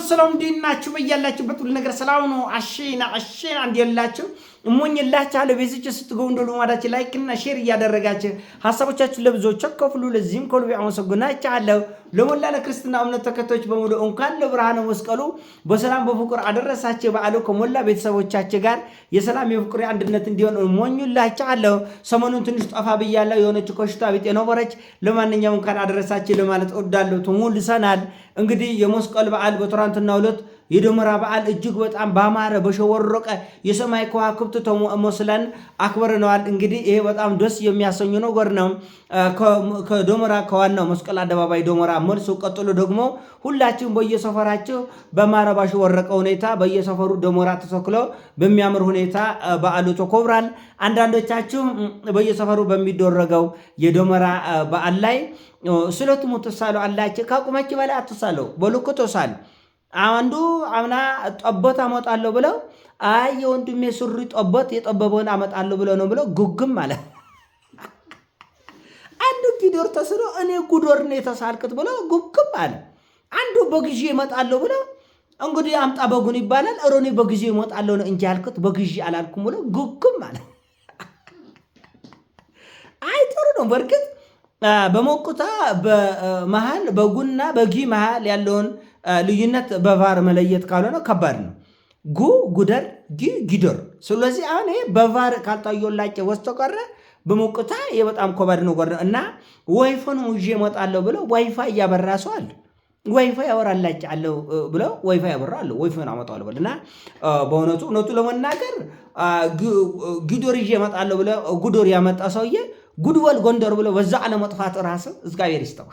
ክርስቲያኖች ሰላም እንዴት ናችሁ? በያላችሁበት ሁሉ ነገር ሰላም ነው። አሸና አሸና እንዴት እሞኝላችኋለሁ። በዚች ስትገቡ እንደ ልማዳችን ላይክና ሼር እያደረጋችሁ ሀሳቦቻችሁ ለብዙዎች አካፍሉ። ለዚህም ከልብ አመሰግናችኋለሁ። ለሞላ ለክርስትና እምነት ተከታዮች በሙሉ እንኳን ለብርሃነ መስቀሉ በሰላም በፍቅር አደረሳችሁ። በዓሉ ከሞላ ቤተሰቦቻችሁ ጋር የሰላም የፍቅር አንድነት እንዲሆን እሞኝላችኋለሁ። ሰሞኑን ትንሽ ጠፋ ብያለሁ። የሆነች ኮሽታ ቢጤ ነበረች። ለማንኛውም እንኳን አደረሳችሁ ለማለት እወዳለሁ። ተሞልሰናል። እንግዲህ የመስቀል በዓል በትናንትናው ዕለት የደመራ በዓል እጅግ በጣም ባማረ በሸወረቀ የሰማይ ከዋክብት ተመስለን አክብረነዋል። እንግዲህ ይሄ በጣም ደስ የሚያሰኙ ነገር ነው። ከደመራ ከዋናው መስቀል አደባባይ ደመራ መልሶ ቀጥሎ ደግሞ ሁላችን በየሰፈራቸው በማረ ባሸወረቀ ሁኔታ በየሰፈሩ ደመራ ተተክሎ በሚያምር ሁኔታ በዓሉ ተኮብራል። አንዳንዶቻችሁ በየሰፈሩ በሚደረገው የደመራ በዓል ላይ ስለትሙ ተሳሉ አላቸው። ከአቅማችሁ በላይ አትሳሉ፣ በልኩ ተሳሉ። አንዱ አምና ጠቦት አመጣለሁ ብለው አይ የወንድሜ ሱሪ ጠቦት የጠበበውን አመጣለሁ ብለው ነው ብለው ጉግም አለ። አንዱ ጊዶር ተስሎ እኔ ጉዶር ነው የተሳልክት ብለው ጉግም አለ። አንዱ በግዢ እመጣለሁ ብለው እንግዲህ አምጣ በጉን ይባላል። እሮኔ በግዢ እመጣለሁ ነው እንጂ ያልኩት በግዢ አላልኩም ብለው ጉግም አለ። አይ ጥሩ ነው በእርግጥ በሞቁታ በመሃል በጉና በጊ መሃል ያለውን ልዩነት በቫር መለየት ካልሆነ ከባድ ነው። ጉ ጉደር፣ ጊ ጊዶር። ስለዚህ አሁን ይሄ በቫር ወስቶ ቀረ በሞቅታ የበጣም ኮባድ ነው ጎር እና ዋይፎን ውዤ እመጣለሁ ብለው ዋይፋ እያበራ ሰው አለ ወይፋ ያወራላች አለው ብለው ወይፋ ያበራ አለ ወይፋን አመጣለሁ ብለው እና በእውነቱ እውነቱ ለመናገር ጊዶር ይዤ እመጣለሁ ብለው ጉዶር ያመጣ ሰውዬ ጉድወል ጎንደር ብለው በዛ አለመጥፋት ራስ እግዚአብሔር ይስጠው።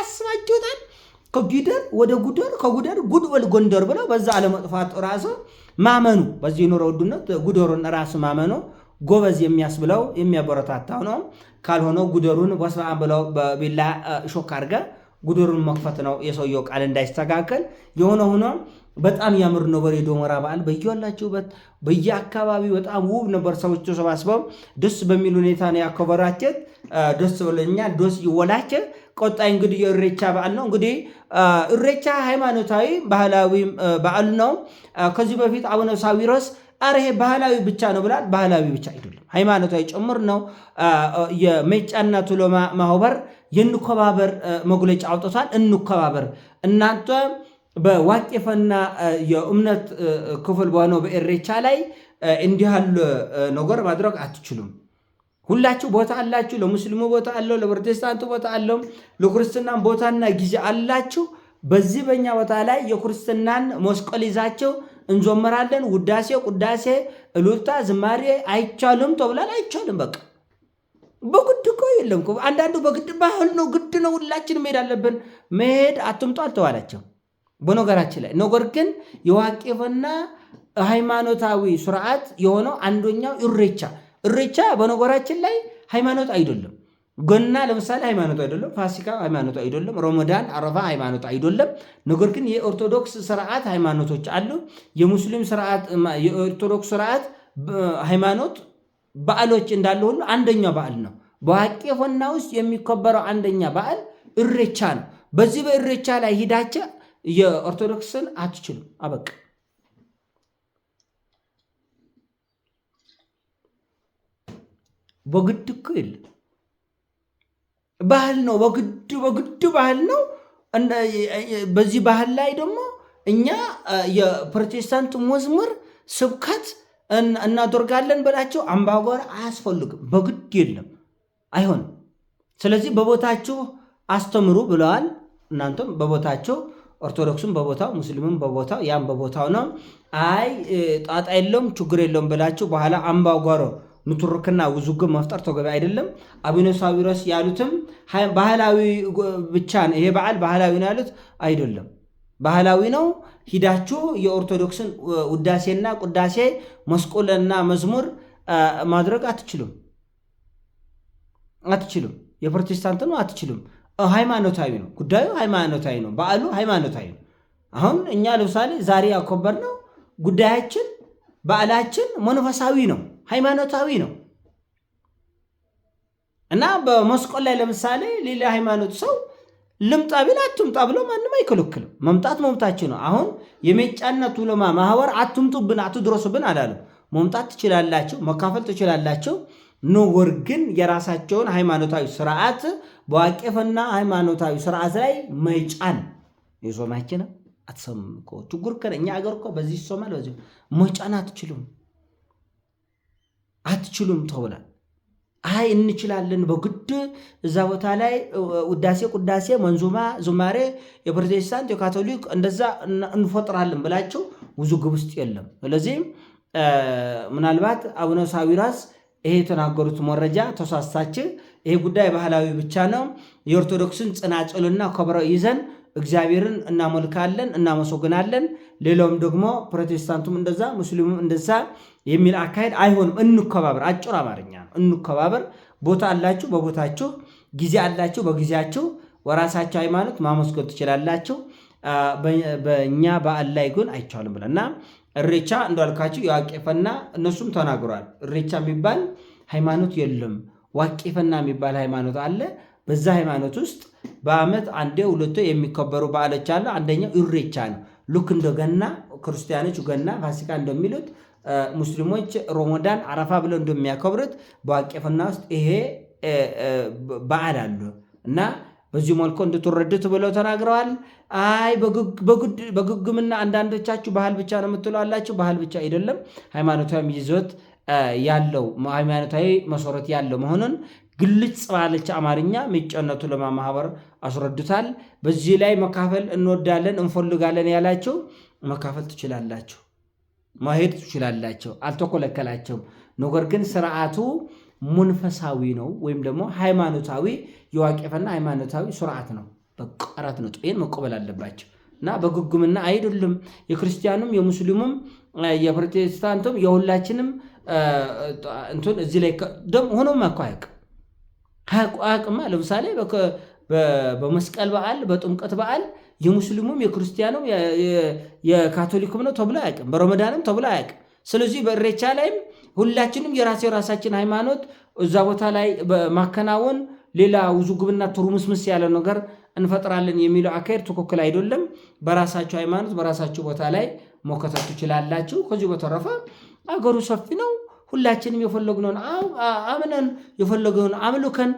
አስባችሁታል? ከጊደር ወደ ጉደር ከጉደር ጉድ ወል ጎንደር ብለው በዛ አለመጥፋት ራሱ ማመኑ በዚህ ኑሮ ውድነት ጉደሩን ራሱ ማመኑ ጎበዝ የሚያስብለው የሚያበረታታው ነው። ካልሆነ ጉደሩን በስመ አብ ብለው በቢላ ሾክ አድርገ ጉደሩን መክፈት ነው የሰውየው ቃል እንዳይስተካከል የሆነ ሆኖ በጣም ያምር ነበር። የደመራ በዓል በየዋላችሁበት በየአካባቢው በጣም ውብ ነበር። ሰዎች ተሰባስበው ደስ በሚል ሁኔታ ነው ያከበራቸት። ደስ ብሎኛል። ደስ ይወላቸ ቆጣይ እንግዲህ የእሬቻ በዓል ነው። እንግዲህ እሬቻ ሃይማኖታዊ ባህላዊ በዓል ነው። ከዚህ በፊት አቡነ ሳዊሮስ አረ ይሄ ባህላዊ ብቻ ነው ብላል። ባህላዊ ብቻ አይደለም ሃይማኖታዊ ጭምር ነው። የሜጫና ቱሎማ ማህበር የንከባበር መግለጫ አውጥቷል። እንከባበር እናንተ በዋቄፈና የእምነት ክፍል በሆነው በእሬቻ ላይ እንዲህ ያለ ነገር ማድረግ አትችሉም። ሁላችሁ ቦታ አላችሁ። ለሙስሊሙ ቦታ አለው፣ ለፕሮቴስታንቱ ቦታ አለው፣ ለክርስትናን ቦታና ጊዜ አላችሁ። በዚህ በእኛ ቦታ ላይ የክርስትናን መስቀል ይዛቸው እንዞመራለን። ውዳሴ፣ ቁዳሴ፣ እሉታ፣ ዝማሬ አይቻልም ተብሏል። አይቻልም በቃ በግድ እኮ የለም። አንዳንዱ በግድ ባህል ነው፣ ግድ ነው፣ ሁላችን መሄድ አለብን። መሄድ አትምጡ አልተባላቸው በነገራችን ላይ ነገር ግን የዋቄፈና ሃይማኖታዊ ስርዓት የሆነው አንዶኛው ኢሬቻ እሬቻ በነገራችን ላይ ሃይማኖት አይደለም። ገና ለምሳሌ ሃይማኖት አይደለም። ፋሲካ ሃይማኖት አይደለም። ሮመዳን፣ አረፋ ሃይማኖት አይደለም። ነገር ግን የኦርቶዶክስ ስርዓት ሃይማኖቶች አሉ። የሙስሊም ስርዓት፣ የኦርቶዶክስ ስርዓት ሃይማኖት በዓሎች እንዳለ ሁሉ አንደኛ በዓል ነው። በዋቂ ሆና ውስጥ የሚከበረው አንደኛ በዓል እሬቻ ነው። በዚህ በእሬቻ ላይ ሂዳቸ የኦርቶዶክስን አትችሉም። አበቃ። በግድ እኮ የለ ባህል ነው። በግድ በግድ ባህል ነው። በዚህ ባህል ላይ ደግሞ እኛ የፕሮቴስታንት መዝሙር ስብከት እናደርጋለን በላቸው። አምባጓሮ አያስፈልግም። በግድ የለም፣ አይሆንም። ስለዚህ በቦታችሁ አስተምሩ ብለዋል። እናንተም በቦታቸው ኦርቶዶክሱም በቦታው ሙስሊምም በቦታው ያም በቦታው ነው። አይ ጣጣ የለውም ችግር የለውም ብላችሁ በኋላ አምባጓሮ ንትርክና ውዝግብ መፍጠር ተገቢ አይደለም። አቡነ ሳዊሮስ ያሉትም ባህላዊ ብቻ ይሄ በዓል ባህላዊ ነው ያሉት አይደለም። ባህላዊ ነው ሂዳችሁ የኦርቶዶክስን ውዳሴና ቅዳሴ መስቆልና መዝሙር ማድረግ አትችሉም አትችሉም። የፕሮቴስታንት ነው አትችሉም። ሃይማኖታዊ ነው ጉዳዩ፣ ሃይማኖታዊ ነው በዓሉ፣ ሃይማኖታዊ ነው። አሁን እኛ ለምሳሌ ዛሬ ያከበር ነው ጉዳያችን፣ በዓላችን መንፈሳዊ ነው። ሃይማኖታዊ ነው እና በመስቀል ላይ ለምሳሌ ሌላ ሃይማኖት ሰው ልምጣ ቢል አትምጣ ብሎ ማንም አይከለክልም። መምጣት መምታችን ነው። አሁን የሜጫና ቱለማ ማህበር አትምጡብን፣ አትድረሱብን አላለም። መምጣት ትችላላቸው፣ መካፈል ትችላላቸው። ነገር ግን የራሳቸውን ሃይማኖታዊ ስርዓት በዋቄፈና ሃይማኖታዊ ስርዓት ላይ መጫን የሶማችን አትሰሙ ችግር ከነ እኛ አገር እኮ በዚህ ይሶማል በዚህ መጫን አትችሉም። አትችሉም ተብሏል። አይ እንችላለን በግድ እዛ ቦታ ላይ ውዳሴ፣ ቁዳሴ መንዙማ፣ ዙማሬ የፕሮቴስታንት የካቶሊክ እንደዛ እንፈጥራለን ብላቸው ውዝግብ ውስጥ የለም። ስለዚህም ምናልባት አቡነ ሳዊራስ ይሄ የተናገሩት መረጃ ተሳሳች። ይሄ ጉዳይ ባህላዊ ብቻ ነው የኦርቶዶክስን ጽናጽልና ከበሮ ይዘን እግዚአብሔርን እናመልካለን፣ እናመሰግናለን። ሌላውም ደግሞ ፕሮቴስታንቱም እንደዛ፣ ሙስሊሙም እንደዛ የሚል አካሄድ አይሆንም። እንከባበር፣ አጭር አማርኛ ነው። እንከባበር። ቦታ አላችሁ፣ በቦታችሁ ጊዜ አላችሁ፣ በጊዜያችሁ በራሳችሁ ሃይማኖት ማመስገን ትችላላችሁ። በእኛ በዓል ላይ ግን አይቻልም ብለና እሬቻ እንዳልካችሁ የዋቄፈና እነሱም ተናግሯል። እሬቻ የሚባል ሃይማኖት የለም። ዋቄፈና የሚባል ሃይማኖት አለ። በዛ ሃይማኖት ውስጥ በአመት አንዴ ሁለቶ የሚከበሩ በዓሎች አለ አንደኛው ኢሬቻ ነው። ልክ እንደ ገና ክርስቲያኖች ገና ፋሲካ እንደሚሉት ሙስሊሞች ሮሞዳን አረፋ ብለው እንደሚያከብሩት በዋቄፍና ውስጥ ይሄ በዓል አሉ እና በዚሁ መልኩ እንድትረዱት ብለው ተናግረዋል። አይ በግግምና አንዳንዶቻችሁ ባህል ብቻ ነው የምትለዋላችሁ። ባህል ብቻ አይደለም ሃይማኖታዊ ይዞት ያለው ሃይማኖታዊ መሰረት ያለው መሆኑን ግልጽ ባለች አማርኛ ሚጨነቱ ለማ ማህበር አስረዱታል። በዚህ ላይ መካፈል እንወዳለን እንፈልጋለን ያላቸው መካፈል ትችላላቸው፣ መሄድ ትችላላቸው፣ አልተኮለከላቸውም። ነገር ግን ስርዓቱ መንፈሳዊ ነው ወይም ደግሞ ሃይማኖታዊ የዋቄፈና ሃይማኖታዊ ስርዓት ነው። በቃ አራት ይህን መቆበል አለባቸው እና በግጉምና አይደሉም። የክርስቲያኑም የሙስሊሙም የፕሮቴስታንቱም የሁላችንም እንትን እዚህ ላይ ደግሞ ሆኖም አኳያቅ ሀቅማ ለምሳሌ በመስቀል በዓል በጥምቀት በዓል የሙስሊሙም የክርስቲያኑም የካቶሊኩም ነው ተብሎ አያውቅም። በረመዳንም ተብሎ አያውቅም። ስለዚህ በእሬቻ ላይም ሁላችንም የራሴ የራሳችን ሃይማኖት እዛ ቦታ ላይ ማከናወን ሌላ ውዝግብና ቱርምስምስ ያለ ነገር እንፈጥራለን የሚለው አካሄድ ትክክል አይደለም። በራሳችሁ ሃይማኖት በራሳችሁ ቦታ ላይ መከተት ትችላላችሁ። ከዚህ በተረፈ አገሩ ሰፊ ነው። ሁላችንም የፈለግነውን አምነን የፈለገውን አምልከን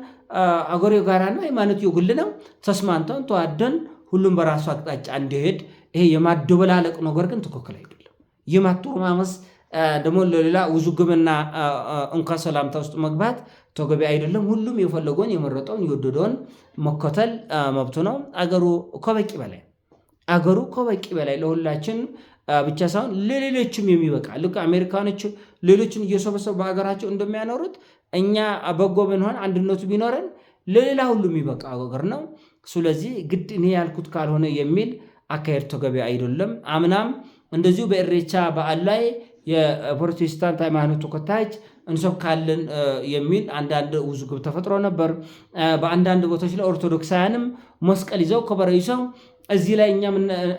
አገሬው ጋራና ሃይማኖት የግል ነው። ተስማምተን ተዋደን ሁሉም በራሱ አቅጣጫ እንዲሄድ ይሄ የማደበላለቅ ነገር ግን ትክክል አይደለም። የማተረማመስ ደግሞ ለሌላ ውዝግብና እንኳ ሰላምታ ውስጥ መግባት ተገቢ አይደለም። ሁሉም የፈለገውን የመረጠውን የወደደውን መከተል መብቱ ነው። አገሩ ከበቂ በላይ አገሩ ከበቂ በላይ ለሁላችን ብቻ ሳይሆን ለሌሎችም የሚበቃ ልክ አሜሪካኖች ሌሎችን እየሰበሰቡ በሀገራቸው እንደሚያኖሩት እኛ በጎ ብንሆን አንድነቱ ቢኖረን ለሌላ ሁሉ የሚበቃ ሀገር ነው። ስለዚህ ግድ እኔ ያልኩት ካልሆነ የሚል አካሄድ ተገቢ አይደለም። አምናም እንደዚሁ በኢሬቻ በዓል ላይ የፕሮቴስታንት ሃይማኖት ተከታዮች እንሰብካለን የሚል አንዳንድ ውዝግብ ተፈጥሮ ነበር። በአንዳንድ ቦታዎች ላይ ኦርቶዶክሳውያንም መስቀል ይዘው ከበረ ይዘው እዚህ ላይ እኛም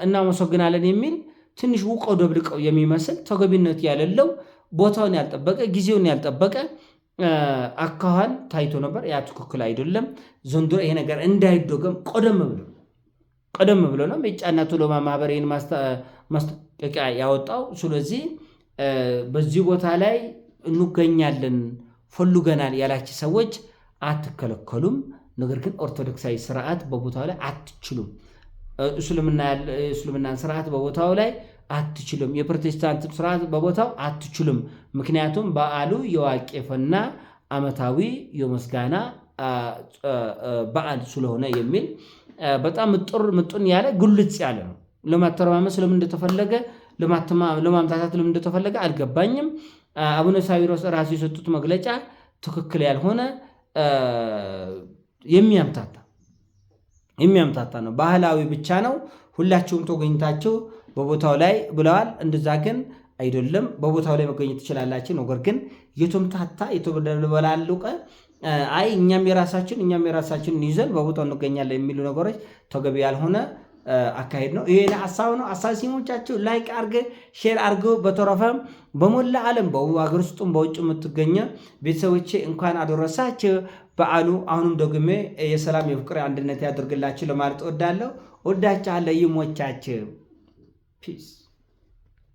እናመሰግናለን የሚል ትንሽ ውቀው ደብልቀው የሚመስል ተገቢነት ያለለው ቦታውን ያልጠበቀ ጊዜውን ያልጠበቀ አካኋን ታይቶ ነበር። ያ ትክክል አይደለም። ዘንድሮ ይሄ ነገር እንዳይደገም ቀደም ብሎ ቀደም ብሎ ነው የጫና ቱሎማ ማህበር ይህን ማስጠንቀቂያ ያወጣው። ስለዚህ በዚህ ቦታ ላይ እንገኛለን ፈልገናል ያላች ሰዎች አትከለከሉም። ነገር ግን ኦርቶዶክሳዊ ስርዓት በቦታው ላይ አትችሉም። እስልምናን ስርዓት በቦታው ላይ አትችልም። የፕሮቴስታንት ስርዓት በቦታው አትችልም። ምክንያቱም በዓሉ የዋቄፈና ዓመታዊ የመስጋና በዓል ስለሆነ የሚል በጣም ጥር ምጡን ያለ ጉልጽ ያለ ነው። ለማተረማመስ ለምን እንደተፈለገ ለማምታታት ለምን እንደተፈለገ አልገባኝም። አቡነ ሳዊሮስ ራሱ የሰጡት መግለጫ ትክክል ያልሆነ የሚያምታታ የሚያምታታ ነው። ባህላዊ ብቻ ነው። ሁላችሁም ተገኝታችሁ በቦታው ላይ ብለዋል። እንደዛ ግን አይደለም። በቦታው ላይ መገኘት ትችላላችሁ። ነገር ግን የተምታታ የተበላሉቀ አይ እኛም የራሳችን እኛም የራሳችን ይዘን በቦታው እንገኛለን የሚሉ ነገሮች ተገቢ ያልሆነ አካሄድ ነው። ይሄ ሀሳብ ነው። አሳሲሞቻችሁ ላይክ አርገ ሼር አርገ። በተረፈ በሞላ ዓለም በሀገር ውስጡም በውጭ የምትገኘ ቤተሰቦቼ እንኳን አደረሳችሁ በዓሉ። አሁንም ደግሜ የሰላም የፍቅር አንድነት ያደርግላችሁ ለማለት እወዳለሁ። ወዳችኋለሁ። ይሞቻችሁ። ፒስ